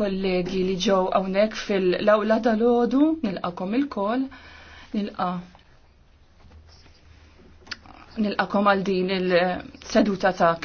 kollegi li ġew hawnhekk fil-lawla tal-ħodu, nilqakom il-kol, nilqa nilqakom għal din il-seduta ta'